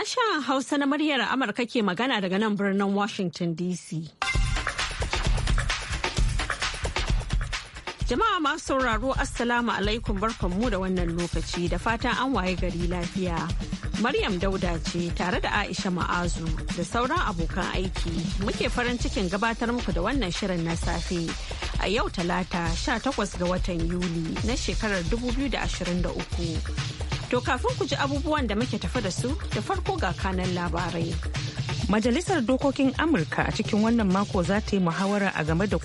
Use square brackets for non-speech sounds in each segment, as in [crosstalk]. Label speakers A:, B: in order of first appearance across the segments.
A: Sashen Hausa na muryar Amurka ke magana daga nan birnin Washington DC. Jama'a masu sauraro Assalamu alaikum barkanmu da wannan lokaci da fatan an waye gari lafiya. Maryam Dauda ce tare da Aisha Ma'azu da sauran abokan aiki muke farin cikin gabatar muku da wannan shirin na safe a yau talata 18 ga watan Yuli na shekarar 2023. To kafin ku ji abubuwan da muke tafa da su da farko ga kanan labarai.
B: Majalisar Dokokin Amurka a cikin wannan mako za ta yi muhawara a game da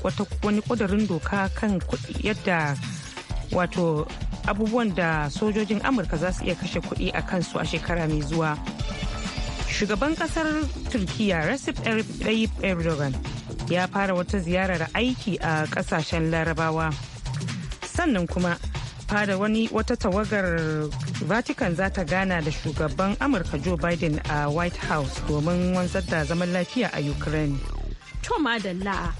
B: wani kudurin doka kan yadda wato abubuwan da sojojin Amurka za su iya kashe kuɗi a kansu a shekara mai zuwa. Shugaban kasar Turkiyya Recep Tayyip Erdogan ya fara wata ziyarar aiki a kasashen larabawa. Sannan kuma fada wani wata tawagar vatican za ta gana da shugaban amurka joe biden a white house domin wanzar da zaman lafiya a ukraine
A: to madalla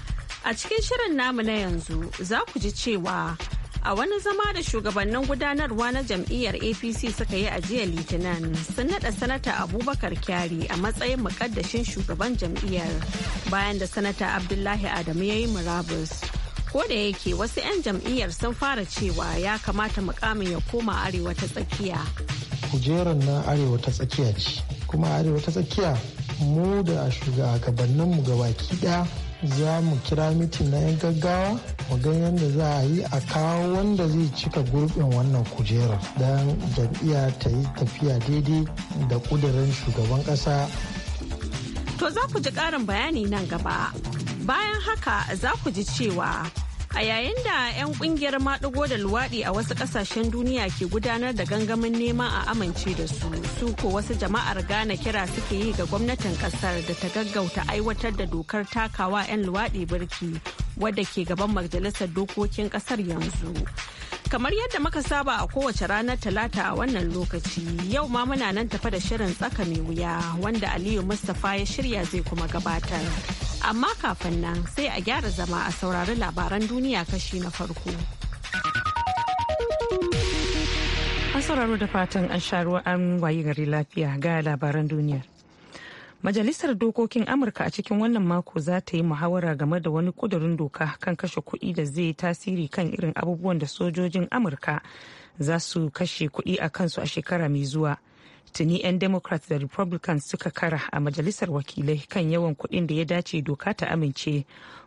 A: a cikin shirin namu na yanzu za ku ji cewa a wani zama da shugabannin gudanarwa na jam'iyyar apc suka yi a jiya litinin sun nada sanata abubakar kyari a matsayin mukaddashin shugaban jam'iyyar bayan da sanata abdullahi adamu ya yi murabus ko da yake wasu 'yan jam'iyyar sun fara cewa ya kamata mukamin ya koma arewa ta tsakiya
C: kujerar na arewa ta tsakiya ce kuma arewa ta tsakiya mu da a shugabanninmu gabaki daya za mu kira mitin na 'yan gaggawa mu ga yadda za a yi a kawo wanda zai cika gurbin wannan kujerar don jam'iyya ta yi tafiya daidai da kudirin shugaban kasa
A: to za ku ji karin bayani nan gaba Bayan haka za ku ji cewa a yayin da 'yan kungiyar maɗigo da luwaɗi a wasu ƙasashen duniya ke gudanar da gangamin nema a amince da su, su ko wasu jama'ar gane kira suke yi ga gwamnatin ƙasar da ta gaggauta aiwatar da dokar takawa 'yan luwaɗi birki wadda ke gaban majalisar dokokin ƙasar yanzu. Kamar yadda muka saba a kowace ranar Talata a wannan lokaci, yau ma muna nan tafa da shirin tsaka mai wuya wanda Aliyu Mustapha ya shirya zai kuma gabatar. Amma kafin nan sai a gyara zama a saurari labaran duniya kashi na farko.
B: An sauraro da fatan an sha ruwa an wayi gari lafiya ga labaran duniya Majalisar Dokokin Amurka a cikin wannan mako za ta yi muhawara game da wani kudurin doka kan kashe kuɗi da zai tasiri kan irin abubuwan da sojojin Amurka za su kashe kuɗi a kansu a shekara mai zuwa. tuni 'yan democrats da republicans suka kara a majalisar wakilai kan yawan kuɗin da ya dace doka ta amince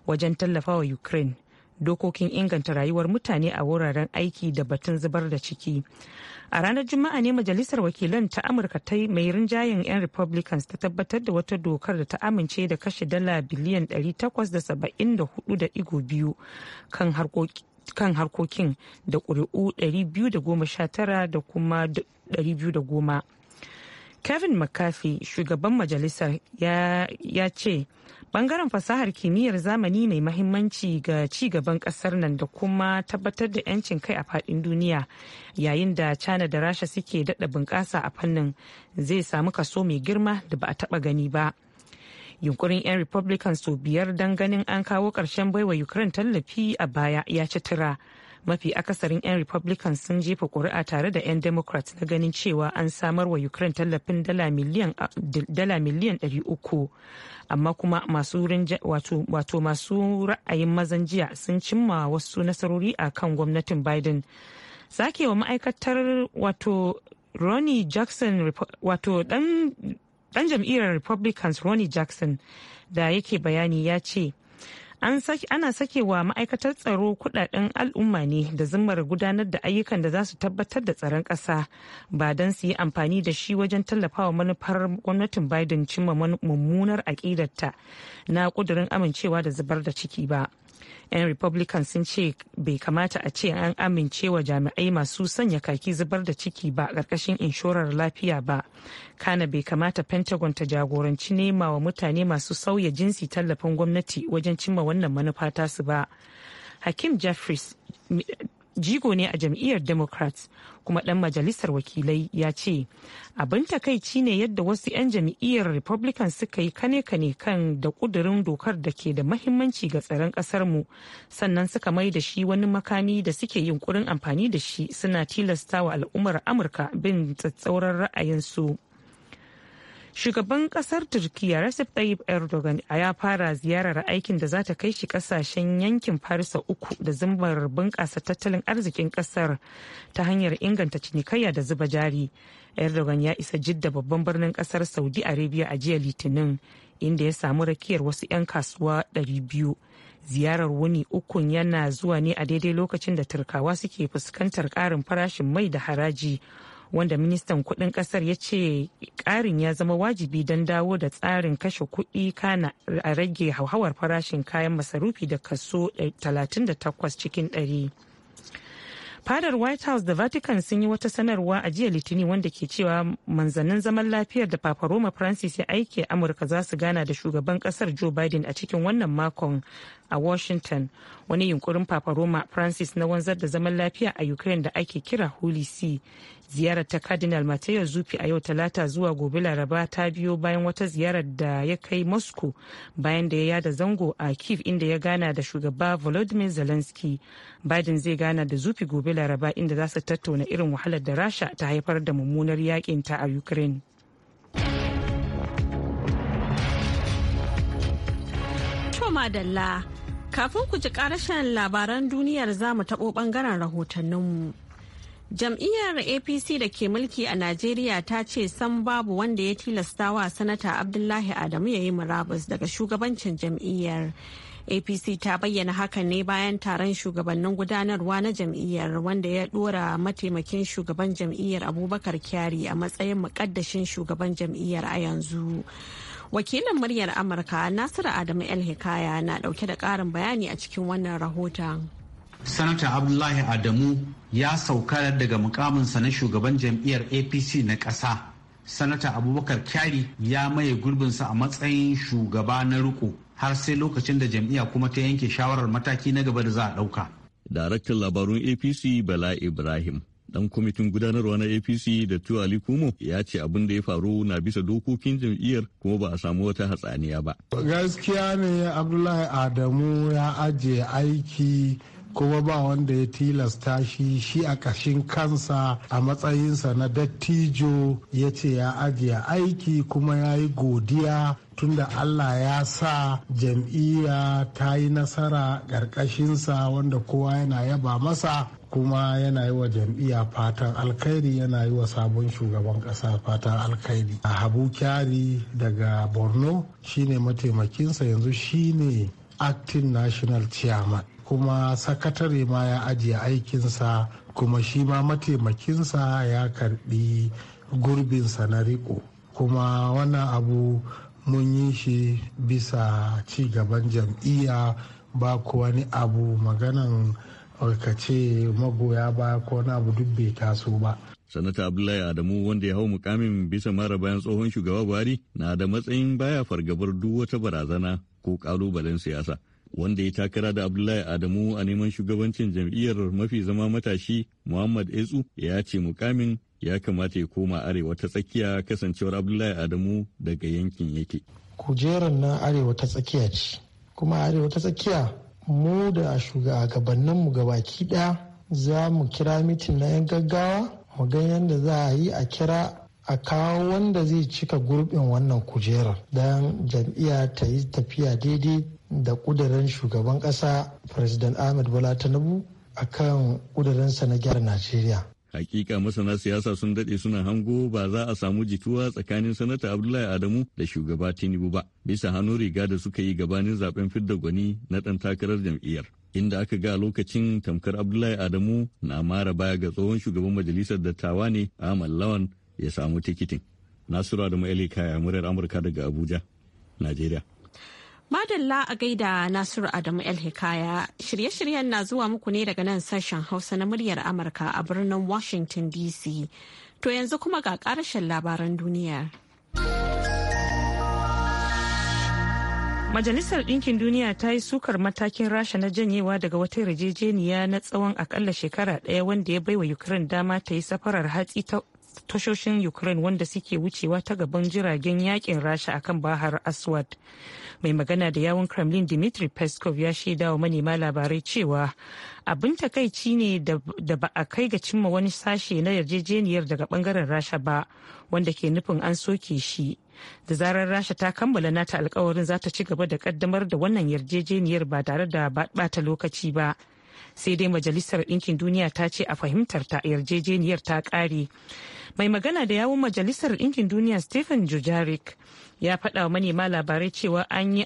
B: wajen tallafawa ukraine dokokin inganta rayuwar mutane a wuraren aiki da batun zubar da ciki a ranar juma'a ne majalisar wakilan ta amurka ta mai rinjayen 'yan republicans ta tabbatar da wata dokar da ta amince da kashe dala biliyan 874.2 kan harkokin kan harkokin da kuri'u 219 da kuma 210 kevin mccarthy shugaban majalisar ya ce bangaren fasahar kimiyyar zamani mai mahimmanci ga ci gaban kasar nan da kuma tabbatar da 'yancin kai a fadin duniya yayin da china da rasha suke dada bunƙasa a fannin zai samu kaso mai girma da ba a taba gani ba yunkurin 'yan republicans su biyar don ganin an kawo ƙarshen baiwa ukraine tallafi a baya ya ci tura mafi akasarin 'yan republican sun jefa kuri'a tare da 'yan democrat na ganin cewa an samar wa ukraine tallafin dala miliyan 300 amma kuma masu wato masu ra'ayin mazan jiya sun cimma wasu nasarori a kan gwamnatin biden sakewa ma'aikatar wato ronnie jackson wato dan jam'iyyar republicans ronnie jackson da yake bayani ya ce ana sakewa ma'aikatar tsaro kudaden al'umma ne da zimmar gudanar da ayyukan da za su tabbatar da tsaron ƙasa ba don su yi amfani da shi wajen tallafawa manufar gwamnatin biden cimma mummunar aƙidarta na ƙudurin amincewa da zubar da ciki ba 'yan republican sun ce bai kamata a ce an amince wa jami'ai masu sanya kaki zubar da ciki ba ƙarƙashin inshorar lafiya ba kana bai kamata pentagon ta jagoranci nema wa mutane masu sauya jinsi tallafin gwamnati wajen cimma wannan manufa tasu ba hakim jeffries jigo ne a jam'iyyar democrats kuma dan majalisar wakilai ya ce abin takaici ne yadda wasu 'yan jam'iyyar republican suka yi kane-kane kan da kudurin dokar da ke da mahimmanci ga tsaron mu sannan suka mai da shi wani makami da suke yin kurin amfani da shi suna tilasta wa al'ummar amurka bin tsatsauran ra'ayinsu. su Shugaban kasar Turkiyya Recep Tayyip Erdogan ya fara ziyarar aikin da za ta kai shi kasashen yankin Farisa uku da zumbar bunƙasa tattalin arzikin kasar ta hanyar inganta cinikayya da zuba jari. Erdogan ya isa jidda babban birnin kasar Saudi Arabia a jiya Litinin inda ya samu rakiyar wasu 'yan kasuwa 200. ziyarar wuni ukun yana zuwa ne a daidai lokacin da turkawa suke fuskantar karin farashin mai da haraji wanda ministan kudin kasar ya ce karin ya zama wajibi don dawo da tsarin kashe kuɗi kana a rage hauhawar farashin kayan masarufi da kaso 38 cikin 100 fadar white house da vatican sun yi wata sanarwa a jiya litinin wanda ke cewa manzannin zaman lafiyar da papa roma francis ya aike amurka za su gana da shugaban kasar joe biden a cikin wannan makon a washington wani yunkurin papa roma francis na wanzar da zaman lafiya a ukraine da ake kira holy see ziyarar ta cardinal mateo zufi a yau talata zuwa gobe laraba ta biyo bayan wata ziyarar da ya kai moscow bayan da ya yada zango a kiev inda ya gana da shugaba volodymyr zelensky biden zai gana da zufi gobe laraba inda za su tattauna irin wahalar da rasha ta haifar da mummunar yakin ta a ukraine
A: madalla kafin ku ji karashen labaran duniyar za mu taɓo ɓangaren rahotanninmu. Jam'iyyar APC da ke mulki a Najeriya ta ce san babu wanda ya tilasta wa Sanata Abdullahi Adamu ya yi murabus daga shugabancin jam'iyyar. APC ta bayyana hakan ne bayan taron shugabannin gudanarwa na jam'iyyar wanda ya dora mataimakin shugaban jam'iyyar Abubakar Kyari a matsayin mukaddashin shugaban jam'iyyar a yanzu. Wakilin muryar Amurka Nasiru Adamu El Hikaya na dauke da karin bayani a cikin wannan rahoton.
D: sanata abdullahi adamu ya sauka daga mukaminsa na shugaban jam'iyyar apc na ƙasa sanata abubakar kyari ya maye gurbinsa a matsayin shugaba na riko har sai lokacin da jam'iyya kuma ta yanke shawarar mataki na gaba da za a
E: ɗauka. daraktan labarun apc bala ibrahim dan kwamitin gudanarwa na apc da tuwali kumo ya ce abin da ya faru na bisa dokokin jam'iyyar kuma ba a samu wata hatsaniya ba
F: gaskiya ne abdullahi adamu ya ajiye aiki kuma ba wanda ya tilasta shi shi a ƙashin kansa a matsayinsa na dattijo ya ce ya ajiye aiki kuma ya yi godiya tunda Allah ya sa jam'iyya ta yi nasara ƙarƙashinsa wanda kowa yana yaba masa kuma yana yi wa jam'iyya fatan alkhairi yana yi wa sabon shugaban ƙasa fatan alkhairi a habu kyari daga borno shine mataimakinsa yanzu shine acting national chairman kuma sakatare ma ya ajiye aikinsa kuma shi ma mataimakinsa ya karbi gurbinsa na riko kuma wannan abu mun yi shi bisa ci gaban jam'iyya ba ku wani abu maganan ce magoya ba ko wani abu duk bai taso ba
E: sanata abdullahi adamu wanda ya hau mukamin bisa mara bayan tsohon shugaba buhari na da matsayin baya fargabar duk wata barazana ko kalubalen siyasa wanda ya takara da Abdullahi Adamu a neman shugabancin jam'iyyar mafi zama matashi Muhammad Etsu ya ce mukamin ya kamata ya koma arewa ta tsakiya kasancewar Abdullahi Adamu daga yankin yake.
C: Kujerar na arewa ta tsakiya ce, kuma arewa ta tsakiya mu da shugabanninmu ga baki ɗaya za mu kira mitin na 'yan gaggawa mu ga yadda za a yi a kira a kawo wanda zai cika gurbin wannan kujerar don jam'iyya ta yi tafiya daidai da kudirin shugaban kasa president ahmed bola tinubu kan kudirinsa na gyara najeriya
E: hakika masana siyasa sun dade suna hango ba za a samu jituwa tsakanin sanata abdullahi adamu da shugaba tinubu ba bisa hannun riga da suka yi gabanin zaben fidda gwani na dan takarar jam'iyyar inda aka ga lokacin tamkar abdullahi adamu na mara baya ga tsohon shugaban majalisar dattawa ne ahmad lawan ya samu tikitin nasiru adamu eli kaya amurka daga abuja najeriya
A: Madalla a gaida Nasiru Adamu El Hikaya shirye-shiryen na zuwa muku ne daga nan sashen Hausa na muryar Amurka a birnin Washington DC.
B: To yanzu kuma ga ƙarashen labaran duniya. Majalisar Ɗinkin Duniya ta yi sukar matakin Rasha na janyewa daga wata yarjejeniya na tsawon akalla shekara ɗaya wanda ya baiwa Ukraine dama ta yi safarar hatsi tashoshin ukraine wanda suke wucewa ta gaban jiragen yakin rasha akan bahar aswad mai magana da yawon kremlin dmitry peskov ya shaida wa manema labarai cewa abin takaici ne da ba a kai ga cimma wani sashe na yarjejeniyar daga bangaren rasha ba wanda ke nufin an soke shi da zarar rasha ta kammala nata alkawarin za ta ci gaba da kaddamar da wannan yarjejeniyar ba tare da bata lokaci ba. sai dai majalisar ɗinkin duniya ta ce a fahimtar ta yarjejeniyar ta ƙare mai magana da yawun majalisar ɗinkin duniya stephen jujarik ya faɗa manema labarai cewa an yi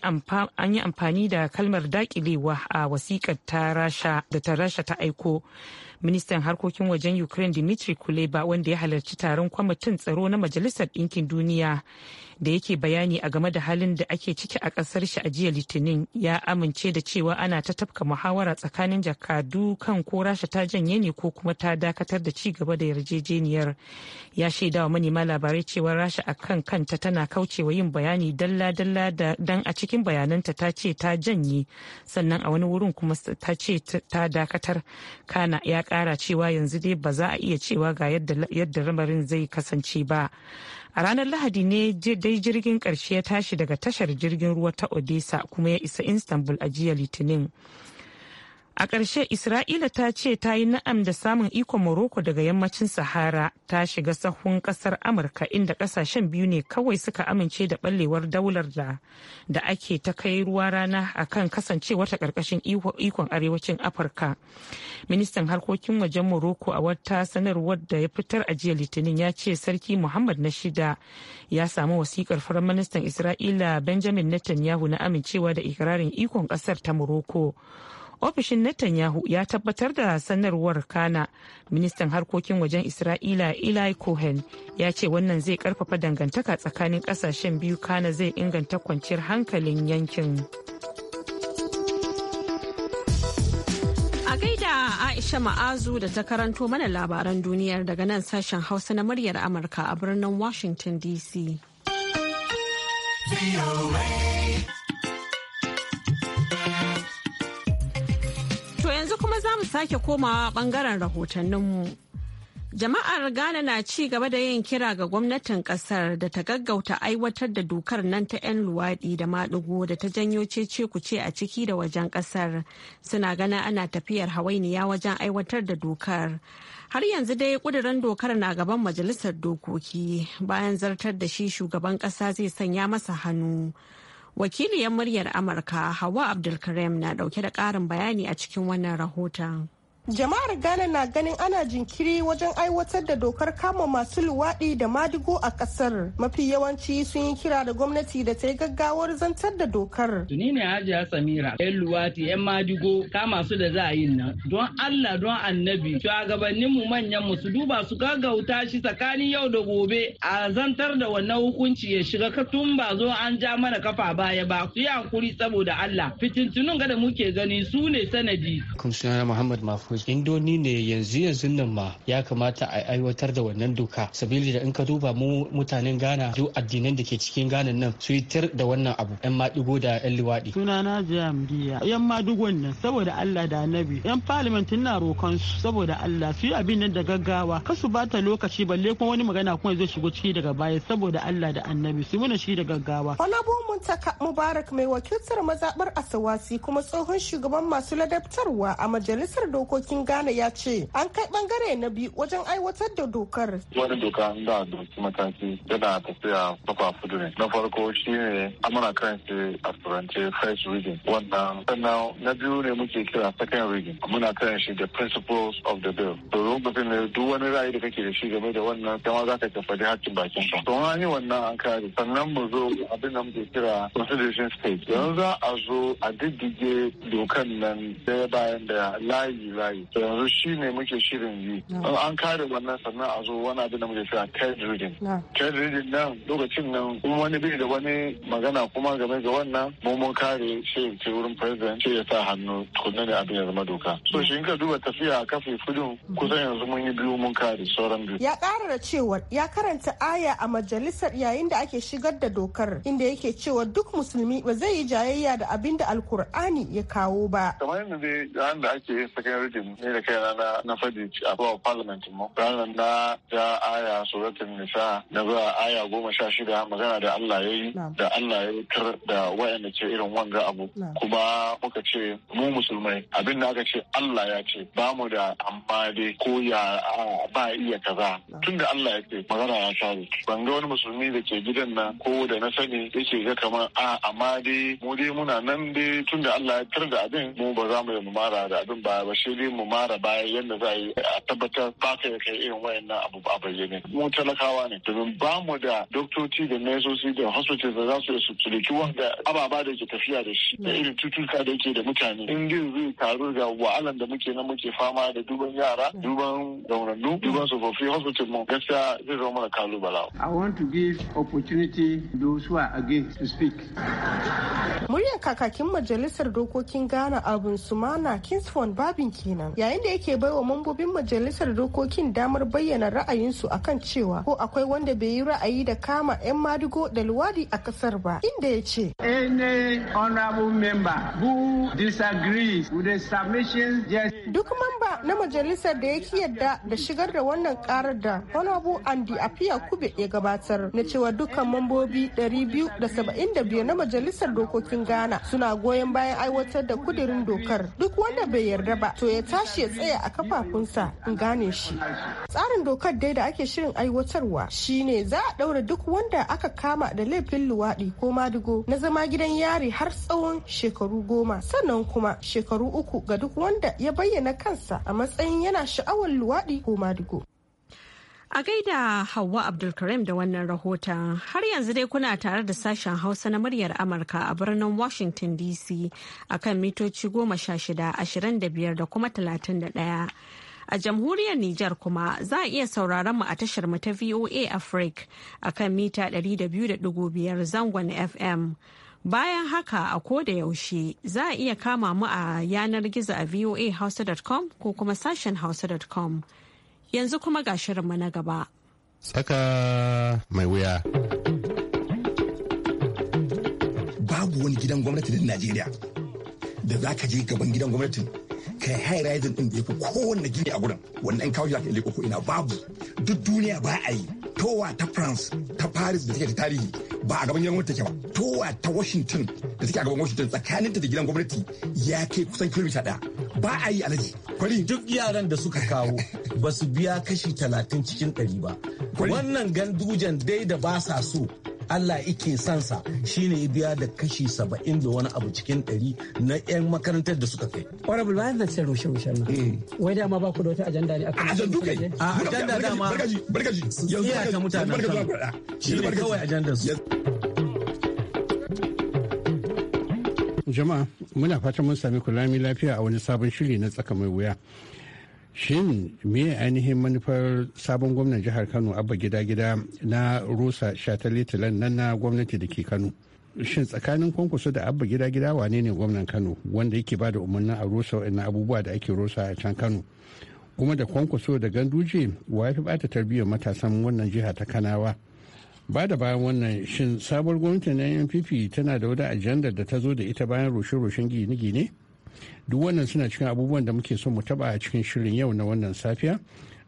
B: amfani da kalmar daƙilewa a wasikar ta rasha da ta rasha ta aiko ministan harkokin wajen ukraine dimitri kuleba wanda ya halarci taron kwamitin tsaro na majalisar ɗinkin duniya da yake bayani a game da halin da ake ciki a kasar shi a jiya litinin ya amince da cewa ana ta tafka muhawara tsakanin jakadu kan ko rasha ta janye ne ko kuma ta dakatar da ci gaba da yarjejeniyar ya shaidawa manema labarai cewa rasha akan kanta tana kaucewa yin bayani dalla-dalla dan a cikin bayananta ta ce ta janye sannan a wani wurin kuma ta ce ta dakatar kana ya kara cewa yanzu dai ba za a iya cewa ga yadda lamarin zai kasance ba a ranar lahadi ne dai jirgin karshe ya tashi daga tashar jirgin ruwa ta odessa kuma ya isa istanbul a jiya litinin A ƙarshe Isra'ila ta ce ta yi na'am da samun ikon Morocco daga yammacin Sahara ta shiga sahun ƙasar Amurka inda ƙasashen biyu ne kawai suka amince da ɓallewar daular da da ake ta kai ruwa rana a kan kasancewar ta ƙarƙashin ikon arewacin Afirka. Ministan harkokin wajen Morocco a wata sanarwar da ya fitar a jiya Litinin ya ce Sarki Muhammad na shida ya samu wasiƙar Firaministan Isra'ila Benjamin Netanyahu na amincewa da ikirarin ikon ƙasar ta Morocco. ofishin netanyahu ya tabbatar da sanarwar kana ministan harkokin wajen isra'ila eli cohen ya ce wannan zai karfafa dangantaka tsakanin kasashen biyu kana zai inganta kwanciyar hankalin yankin
A: a gaida aisha ma'azu da ta karanto mana labaran duniyar daga nan sashen hausa na muryar amurka a birnin washington dc yanzu kuma za mu sake komawa bangaren rahotanninmu. Jama'ar Ghana na ci gaba da yin kira ga gwamnatin kasar da ta gaggauta aiwatar da dokar nan ta 'yan luwaɗi da maɗigo da ta janyo cece kuce a ciki da wajen kasar suna ganin ana tafiyar hawainiya wajen aiwatar da dokar. Har yanzu dai ƙudurin dokar na gaban majalisar dokoki bayan zartar da shi shugaban ƙasa zai sanya masa hannu. wakiliyar muryar amurka hawa abdulkarim na dauke da karin bayani a cikin wannan rahoton
G: Jama'ar Ghana na ganin ana jinkiri wajen aiwatar da dokar kama masu luwaɗi da madigo a ƙasar. Mafi yawanci sun yi kira da gwamnati da ta yi gaggawar zantar da dokar. Tuni ne Hajiya Samira, 'yan luwaɗi, 'yan madigo, kama su da za a yi nan. Don Allah, don annabi, shugabannin mu manyan mu su duba su gaggauta shi tsakanin yau da gobe a zantar da wannan hukunci ya shiga tun ba zo an ja mana kafa baya ba. Su yi hankuri saboda Allah. Fitintunun ga da muke gani su ne sanadi.
H: Kumshiyar Muhammad Mafu dokoki indoni ne yanzu yanzu nan ma ya kamata a aiwatar da wannan doka sabili da in ka duba mu mutanen ghana duk addinan da ke cikin ghana nan su yi tir da wannan abu
F: yan Madugo da yan luwaɗi. liwaɗi. sunana jami'a yan maɗigon nan saboda allah da annabi yan palimantin na roƙon su saboda allah su yi abin nan da gaggawa kasu ba ta lokaci balle kuma wani magana kuma zai shigo ciki daga baya saboda allah da annabi su muna shi da gaggawa.
G: Olabu Muntaka Mubarak mai wakiltar mazaɓar Asawasi kuma tsohon shugaban masu ladabtarwa a majalisar dokoki dokokin Ghana ya ce an kai bangare na biyu wajen aiwatar da dokar. Wani doka
I: da doki mataki yana tafiya kafa fudu ne. Na farko shi ne amana shi a turance first reading. Wannan sannan na biyu ne muke kira second reading. Muna kan shi the principles of the bill. To lokacin ne duk wani ra'ayi da kake da shi game da wannan kama za ka da hakkin bakin ka. To an yi wannan an kare. Sannan mu zo abin da muke kira constitution stage. Yanzu za a zo a diddige dokan nan daya bayan da layi layi. yi yanzu shi ne muke shirin yi an kare wannan sannan a zo wani abin da muke cewa ted reading ted reading nan lokacin nan kuma wani biyu da wani magana kuma game ga wannan mu mun kare shi ce wurin president ce ya sa hannu tukunna ne abin ya zama doka so shi in ka duba tafiya a kafin fudun kusan yanzu mun yi biyu mun kare sauran biyu ya
G: kara da cewa ya karanta aya a majalisar yayin da ake shigar da dokar inda yake cewa duk musulmi ba zai yi jayayya da abin da alkur'ani ya kawo ba
I: kamar yadda dai da ake yin sakayar din ne da kai rana na fadi a bawa parliament mu ranar na da aya suratun nisa da zuwa aya goma sha shida magana da Allah ya yi da Allah ya yi da wayanda ke irin wanga abu kuma muka ce mu musulmai abin da aka ce Allah ya ce ba mu da amma dai ko ya ba iya kaza tun da Allah ya ce magana ya share ban ga wani musulmi da ke gidan nan ko da na sani yake ga kamar a amma dai mu dai muna nan dai tun da Allah ya tar da abin mu ba za mu yi mara da abin ba ba shi dai mu mara baya yadda za a yi a tabbatar ba ka ya kai irin wayannan abu a bayyane mu talakawa ne domin ba mu da doktoci da nesosi da hospital da za su su tsuliki wanda ababa da ke tafiya da shi da irin cututtuka da yake da mutane in jin zai taru ga wahalan da muke na muke fama da duban yara duban daunannu duban tsofaffi hospital mu gaskiya zai
J: zama mana kalubala. I want to give opportunity those who are against to speak.
G: Muryar kakakin majalisar dokokin Ghana Abun Sumana Kingsford Babin kenan. kenan yayin da yake baiwa mambobin majalisar dokokin damar bayyana ra'ayinsu kan cewa ko akwai wanda bai yi ra'ayi da kama 'yan madigo da luwadi a kasar ba inda ya ce duk mamba na majalisar da ya ki yadda da shigar da wannan karar da honorable andy apia kube ya gabatar na cewa dukkan mambobi 275 na majalisar dokokin ghana suna goyon bayan aiwatar da kudirin dokar duk wanda bai yarda ba to ya tashi ya tsaya a kafafunsa in gane shi tsarin dokar dai da ake shirin aiwatarwa shine za a ɗaura duk wanda aka kama da laifin luwaɗi ko madigo na zama gidan yari har tsawon shekaru goma sannan kuma shekaru uku ga duk wanda ya bayyana kansa a matsayin yana sha'awar luwaɗi ko madigo
A: A gaida Hauwa Abdulkarim da wannan rahoton har yanzu dai kuna tare da sashen Hausa na muryar Amurka a birnin Washington DC a kan mitoci goma sha shida ashirin da biyar da kuma talatin da ɗaya. A jamhuriyar Nijar kuma za a iya sauraron mu a tashar mu ta VOA Africa a kan mita biyar zangon FM. Bayan haka a ko da yaushe za a iya kama mu a yanar gizo a voahausa.com ko kuma sashen hausa.com. yanzu kuma ga shirinmu na gaba.
J: Tsaka mai wuya.
D: Babu wani gidan gwamnati na Najeriya da za ka je gaban gidan gwamnatin ka yi high rising ɗin da ya fi kowanne gini a gudan wannan kawo ka liko ko ina babu duk duniya ba a yi towa ta france ta paris da take da tarihi ba a gaban gidan gwamnati take ba towa ta washington da take a gaban washington tsakaninta da gidan gwamnati ya kai kusan kilomita daya ba a yi alaji kwari duk yaran da suka kawo ba su biya kashi talatin cikin ɗari ba wannan gandujan dai da ba sa so Allah ike sansa shine ya biya da kashi saba'in da wani abu cikin ɗari na 'yan makarantar da suka kai. Honorable bayan zan sai rushe rushe na. Eh.
H: Wai dama ba ku da wata ajanda ne kan Ajandu kai. A ajanda dama. Barkaji barkaji. Yanzu iyaka mutanen
D: kan. Shi ne kawai ajandar su.
J: Jama'a muna fatan mun sami kulami lafiya a wani sabon shiri na tsaka mai wuya. shin me ainihin manufar sabon gwamnan jihar kano abba gida gida na rusa shataletalen nan na gwamnati da ke kano shin tsakanin kwankwaso da abba gida gida wane ne gwamnan kano wanda yake ba da umarnin a rusa na abubuwa da ake rusa a can kano kuma da kwankwaso da ganduje wa ya fi bata tarbiyyar matasan wannan jiha ta kanawa ba da bayan wannan shin sabuwar gwamnati na npp tana da wani ajandar da ta zo da ita bayan rushe-rushen gine-gine duk wannan suna cikin abubuwan da muke so mu taba a cikin shirin yau na wannan safiya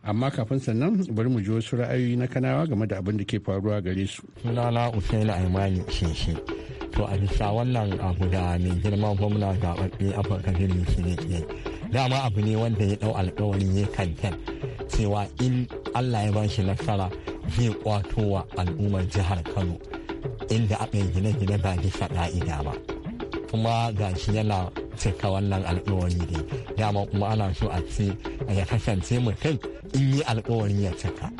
J: amma kafin sannan bari mu ji wasu ra'ayoyi na kanawa game da abin da ke faruwa gare su sunana Usaini aimani shinshi to a bisa
D: wannan abu da mai girma gwamna zaɓaɓɓe afirka birnin shirin dama abu ne wanda ya ɗau alkawarin ya kankan cewa in allah ya bashi shi nasara zai kwato wa al'ummar jihar kano inda aka yi gine-gine ba bisa ƙa'ida ba kuma gashi yana cika wannan alkawari ne dama kuma ana so a ce ya kasance mutum in yi alkawari ya cika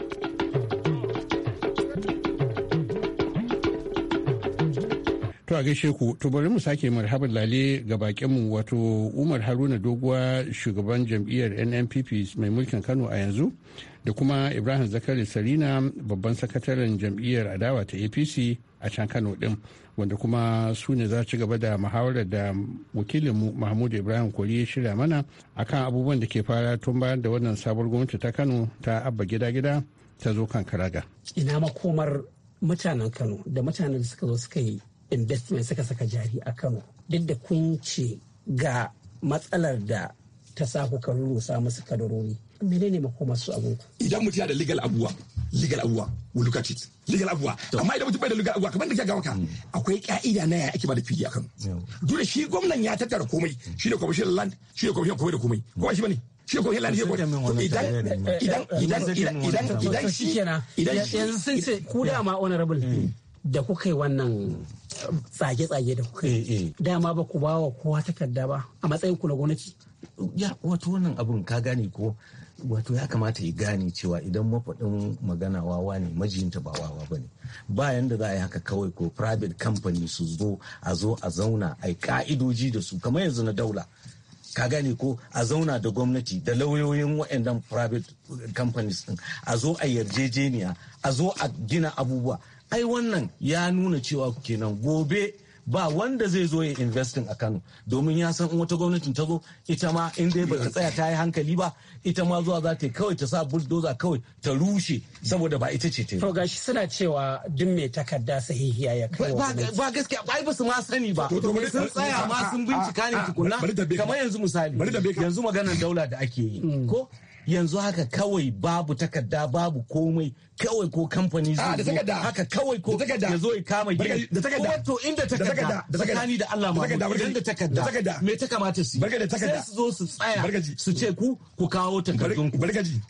J: a gaishe ku, to bari mu sake marhaban lale ga bakinmu wato Umar Haruna Doguwa shugaban jam'iyyar NNPP mai mulkin Kano a yanzu da kuma Ibrahim Zakari Sarina babban sakataren jam'iyyar adawa ta APC a can Kano din wanda kuma su ne za ci gaba da muhawarar da wakilinmu Mahmud Ibrahim Kori ya shirya mana akan abubuwan da ke fara tun bayan da wannan sabuwar gwamnati ta Kano ta abba gida-gida ta zo kan karaga.
H: Ina makomar mutanen Kano da mutanen da suka zo suka yi investment suka saka jari a Kano duk da kun ce ga matsalar da ta sa ku rusa musu kadarori menene makomar su
D: idan mutum yana da legal abuwa legal abuwa we look at it legal abuwa amma idan mutum bai da legal abuwa kamar da ga waka hmm. akwai ka'ida na ya ake ba da fili akan dole shi gwamnan ya tattara komai shi ne commercial land shi ne commercial komai da komai ko shi bane shi ko hela ne ko idan idan idan idan idan idan idan
H: idan idan idan idan da kuka yi wannan eh, tsage-tsage da kuka yi eh, eh. dama ba ku bawa kowa takarda ba a matsayin ku na gwamnati ya wato
D: wannan abun ka gane ko wato ya kamata ya gane cewa idan mafaɗin magana wawa ne majinta ba wawa ba ne Ba da za a yi haka kawai ko private company su zo a zo a zauna a ka'idoji da su kamar yanzu na daula ka gane ko a zauna da gwamnati da lauyoyin waɗannan private companies din a zo a yarjejeniya a zo a gina abubuwa ai wannan ya nuna cewa kenan gobe ba wanda zai zo ya investin a Kano domin ya san wata gwamnatin ta zo ita ma in dai ba ta tsaya ta yi hankali ba ita ma zuwa za ta kawai ta sa bulldozer kawai ta rushe saboda ba ita ce
H: ta to gashi suna cewa duk mai takarda sahihiya ya kai ba gaskiya ai ba su ma sani ba domin sun tsaya ma sun bincika ne tukunna kamar
D: yanzu misali yanzu maganar daula da ake yi mm. ko yanzu haka kawai babu takarda babu komai kawai ko kamfani ah, zai haka kawai ko ya zo ya kama gida da to inda takarda tsakani da Allah da idan da takarda me ta kamata su sai su zo su tsaya su ce ku ku kawo takardun ku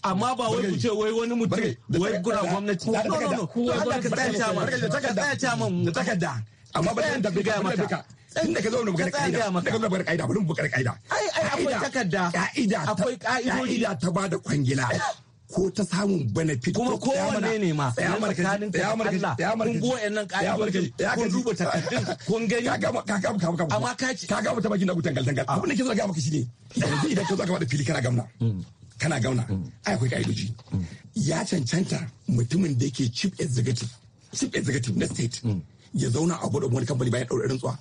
D: amma ba wai ku ce wai wani mutum wai gura gwamnati no no no ku Allah da tsaya da man da tsaya da man da takarda da ba da takarda ka zo mu kaida da ka zo magana kaida bari mu magana kaida ai ai akwai takarda kaida akwai kaidoji da ta bada kwangila ko ta samun benefit kuma ko wanne ne ma ya markadin ya markaji ya markaji kun goyen nan ka'idoji kun duba takardun kun gani ka gama ka gama ka gama amma ka ci ka gama ta bakin da gutan galdan abin da ke zo ga maka shine yanzu idan ka zo ka bada fili kana gauna kana gauna ai akwai ka'idoji ya cancanta mutumin da yake chief executive chief executive na state ya zauna a gudu wani kamfani bayan ɗaurin rantsuwa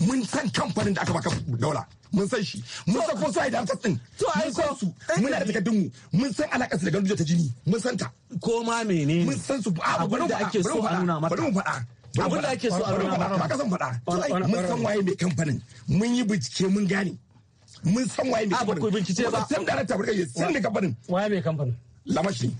D: mun san kamfanin da aka baka dola mun san shi mun san kosa idan ta tsin to mun san su muna da takardun mu mun san alakar su da gandu ta jini mun san ta ko ma menene mun san su a abin da ake so a nuna mata bari mu faɗa abin da ake so a nuna mata ka san faɗa mun san waye mai kamfanin mun yi bincike mun gane mun san waye mai kamfanin ba ku bincike ba sai da ta burka sai da kamfanin waye mai kamfanin lamashi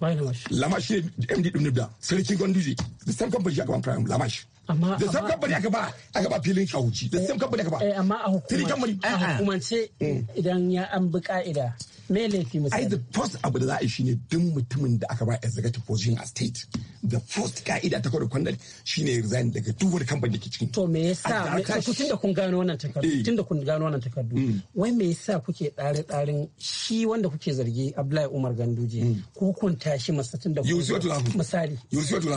D: lamashi lamashi md din da sarkin ganduje the same company ya gaban prime lamashi da same company aka ba aka ba filin shahuci da same company aka ba eh, eh,
H: amma a hukumance eh. mm. idan ya an bi ka'ida me laifi misali ai the
D: first abu da za a yi shine duk mutumin da aka ba executive position a state the first ka'ida ta kodin kwandal shine resign daga duk wani kamfani da ke cikin to me yasa tun da
H: kun gano wannan takardu eh. tun da kun gano wannan takardu hmm. wai me yasa kuke tsare tsarin shi wanda kuke zargi Abdullahi Umar Ganduje hmm. ku hukunta shi masa tun da misali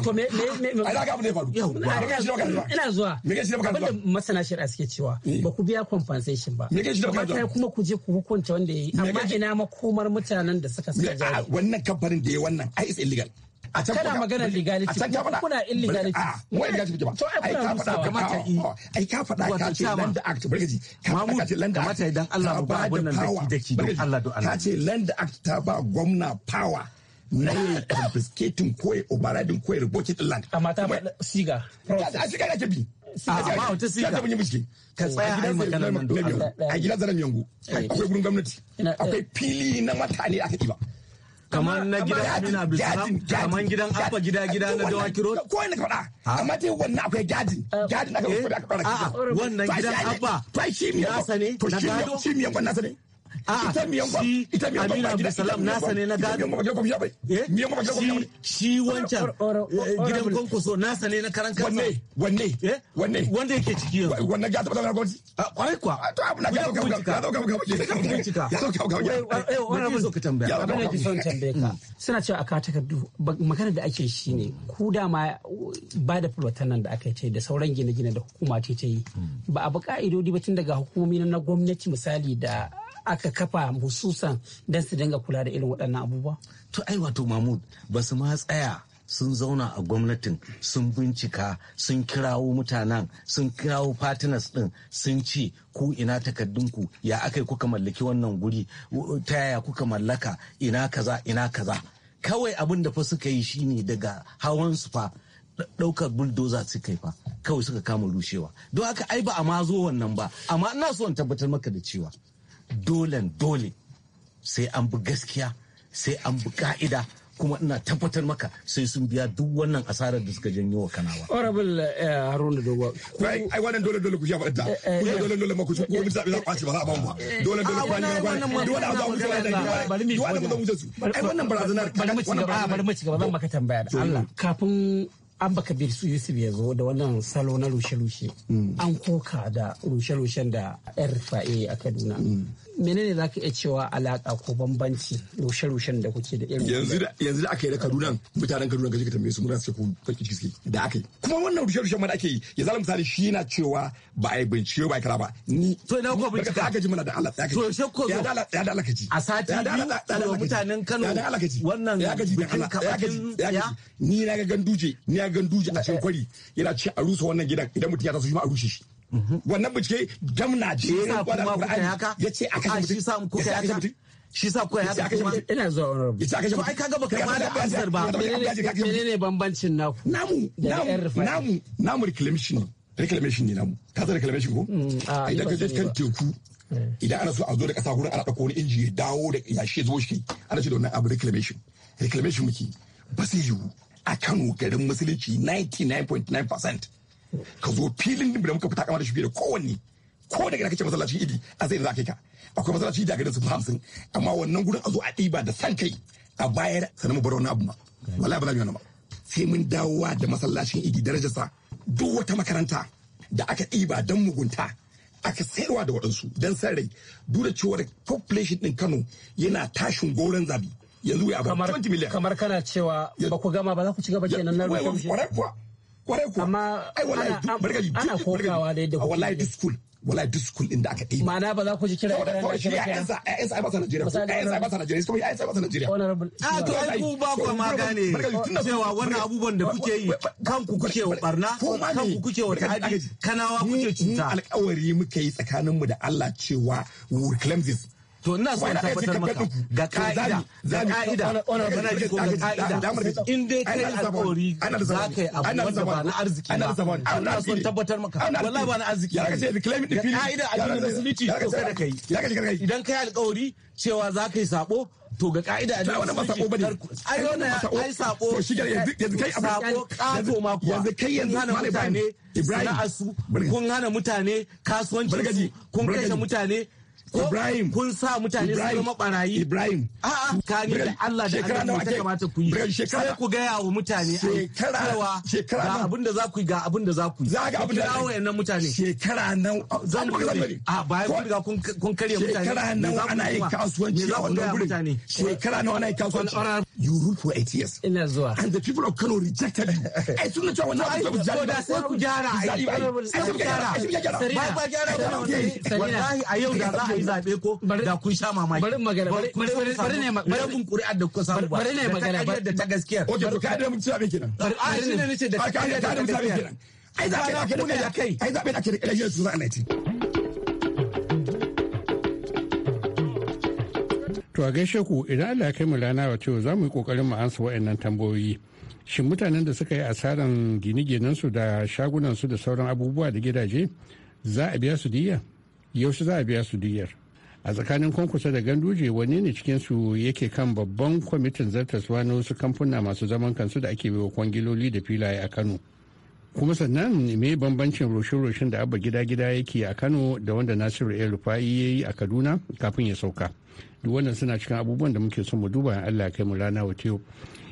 H: to me me me ai ga abu ne faru ina zuwa abinda masana shari'a suke cewa eh. ba ku biya compensation ba kuma ku je ku hukunta wanda yayi amma ina ma makomar mutanen da suka saka jari wannan kamfanin da ya wannan ai is illegal a can kana maganar legality a can kuna illegality wai legality ba to ai kuna yi oh, ai ka faɗa ka ce land act barkaji mamu kamata idan Allah ba wannan daki don
D: Allah do Allah ka ce land act ta ba gwamna power na yi [coughs] confiscating ko ya overriding ko ya ta siga a siga na ke bi ba wata sika ka tabbin a magana nan yango eh. akwai gurin gwamnati eh. akwai fili na mutane aka kiba kamar na gidan Amina Bisalam kamar gidan Abba gida gida na Dawaki Road ko ina ka amma dai wannan akwai gadin gadin eh. aka faɗa aka wannan gidan Abba to shi ne na sane na shi ne wannan sane ita miyan kwam ita miyan na shi wancan eh, gidan konkoso nasa ne na karan kansa wanne wanne eh, wanne wanda yake ciki yanzu Wanne ga tabbata na gwamnati ah, kwarai kwa ah, to abu na ga ga ga ga ga ga wannan mun so ka tambaya abin da ke son tambaye ka
H: hmm. suna cewa aka takardu magana da ake shi ne ku dama ba da fulwatan nan da aka ce da sauran gine-gine da hukuma ce ta yi hmm. ba a bi ka'idodi ba tun daga hukumomi na gwamnati misali da aka kafa hususan don su dinga kula da irin waɗannan abubuwa? To ai wato Mahmud ba su ma tsaya
D: sun zauna a gwamnatin sun bincika sun kirawo mutanen sun kirawo partners din sun ce ku ina takardunku ya aka kuka mallaki wannan guri ta yaya kuka mallaka ina kaza ina kaza kawai abin da fa suka yi shine daga hawan su fa ɗaukar bulldozer suka yi fa kawai suka kama rushewa don haka ai ba a ma zo wannan ba amma ina so in tabbatar maka da cewa dolen dole sai an bi gaskiya sai an bi ka'ida kuma ina tabbatar maka sai sun biya duk wannan asarar da suka janyo wa kanawa. Honorable eh, Haruna Dogo. Ai wannan dole dole ku shafa da. Eh, eh, ku ya dole dole ma ku ko misali za ku ci ba za a ban ba. Dole ah, dole ku ne ba. Duk wanda za mu tsaya da duk wanda mu zamu
H: su. Ai wannan barazanar bari mu ci gaba ah, bari mu ci gaba zan maka tambaya da Allah. Kafin an baka bir su yusuf ya zo da wannan salo na rushe-rushe mm. an koka da rushe-rushen da yan a kaduna mm. menene za ka iya cewa alaƙa ko bambanci rushe-rushen da kuke da irin yanzu
D: da aka yi da kaduna mutanen kaduna gaji ka tambaye su muna ko ko ciki da aka yi kuma wannan rushe-rushen ma da ake yi ya zala misali shi yana cewa ba a yi bincike ba a kira ba ni to ina ko bincike aka ji mana da Allah ya to she ko ya da Allah kaji a sati biyu mutanen Kano ya da Allah kaji wannan ya kaji da ya ni na ga ganduje ni na ga ganduje a eh, eh. cikin kwari yana ce a rusa wannan gidan idan mutum ya taso shi ma a rushe shi wannan bincike gamna ce ya ya ce a a
H: shi sa kuma ina zuwa ma da ba menene
D: bambancin naku namu namu namu reclamation reclamation ne namu ka reclamation ko mm, ah, idan ka je kan teku
H: eh. idan ana
D: so a zo da kasa gurin ana dauko wani inji ya dawo da yashe zuwa shi ana ce da wannan abu reclamation reclamation muke ba sai yiwu a Kano garin musulunci 99.9% ka zo filin da muka fita kama da shi da kowanne ko daga da kake masallacin idi a zai da za ka ka akwai masallaci da garin su hamsin amma wannan gurin a zo a ɗiba da san kai a bayar sanin mu bar wani abu ma wallahi ba za mu yi ba sai mun dawowa da masallacin idi darajarsa duk wata makaranta da aka ɗiba don mugunta aka sayarwa da waɗansu don san rai duk da cewar population ɗin kano
H: yana tashin goron zabi yanzu ya ba 20 million kamar kana cewa ba ku gama ba za ku ci gaba kenan na rufe. kwarai kuwa amma ana kokawa da wallahi duk school wallahi duk school aka ma'ana ba za ku ji da ba ko
D: ba kuma a to ai cewa wannan abubuwan da kuke kanku kuke wa barna kanku kuke wa kanawa kuke cuta alƙawari muka yi mu da Allah cewa we will to ina son tabbatar maka ga ka'ida ga ka'ida ana ji ko ga ka'ida in dai kai alƙawari za ka yi abu wanda ba na arziki ba ina son tabbatar maka wallahi ba na arziki ba ga ka'ida a addinin musulunci to kada ka yi idan kai alƙawari cewa za ka yi sabo to ga ka'ida da wannan ba sako ai wannan ya ai sabo to shigar yanzu yanzu kai abu sabo kato ma kuwa yanzu kai yanzu hana mutane Ibrahim kun hana mutane kasuwanci kun kashe mutane Ibrahim kun sa mutane su zama barayi Ibrahim a'a ka ni da Allah da Allah ya kamata ku yi sai ku ga yawo mutane cewa ga abin da za ku yi ga abin da za ku yi za ga abin da za ku yi mutane shekara nan zan ku yi a bayan kun ga kun karya mutane shekara nan ana yi kasuwanci a wannan gurin shekara nan ana yi kasuwanci you rule for eight years ina zuwa and the people of Kano rejected you [laughs] ai sun ce wannan abin da sai ku jara. ai sai ku gyara sai ku jara. wallahi a yau da za a yi zaɓe ko da kun sha mamaki. Bari magana bari bari ne magana. Rabin ƙuri'ar da kuka samu ba. Bari ne magana bari da ta gaskiya. Oke to ka da mutum zaɓe kenan. A shi ne nace da ta gaskiya. Ka da mutum zaɓe kenan. Ai zaɓe da ake da kai. Ai zaɓe da ake da election
I: 2019.
J: To a gaishe ku idan Allah ya kai mu rana cewa za mu yi kokarin mu ansa waɗannan tambayoyi. Shin mutanen da suka yi asaran gine-ginensu da shagunansu da sauran abubuwa da gidaje za a biya su diya? yaushe za a biya su diyar a tsakanin kwankwasa da ganduje wanne ne cikin su yake kan babban kwamitin zartaswa na wasu kamfuna masu zaman kansu da ake baiwa kwangiloli da filaye a kano kuma sannan me bambancin roshin-roshin da abba gida-gida yake a kano da wanda nasiru el rufa'i ya yi a kaduna kafin ya sauka duk wannan suna cikin abubuwan da muke son mu duba in allah kai mu rana wa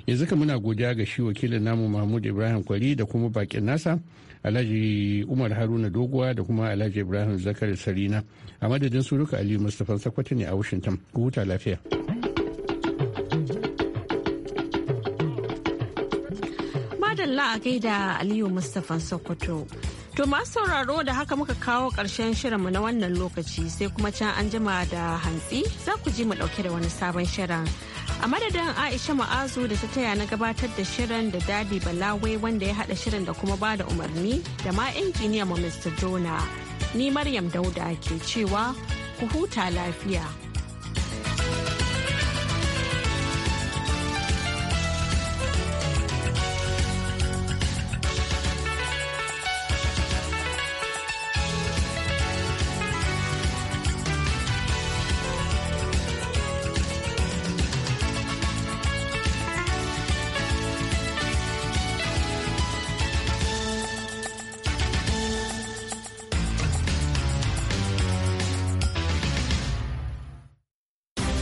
J: yanzu ka muna godiya ga shi wakilin namu mahmud ibrahim kwari da kuma bakin nasa alhaji umar haruna doguwa da kuma alhaji ibrahim zakari sarina a madadin su duka aliyu mustapha sakwata ne a washington ku lafiya
A: madalla a gaida aliyu mustapha sokoto To masu sauraro da haka muka kawo ƙarshen shirinmu na wannan lokaci sai kuma can an jima da hantsi za ku ji mu ɗauke da wani sabon shirin. a madadin aisha ma'azu da ta taya na gabatar da shirin da dadi balawai wanda ya haɗa shirin da kuma bada umarni da ma injiniya mu mr jona ni maryam dauda ke cewa ku huta lafiya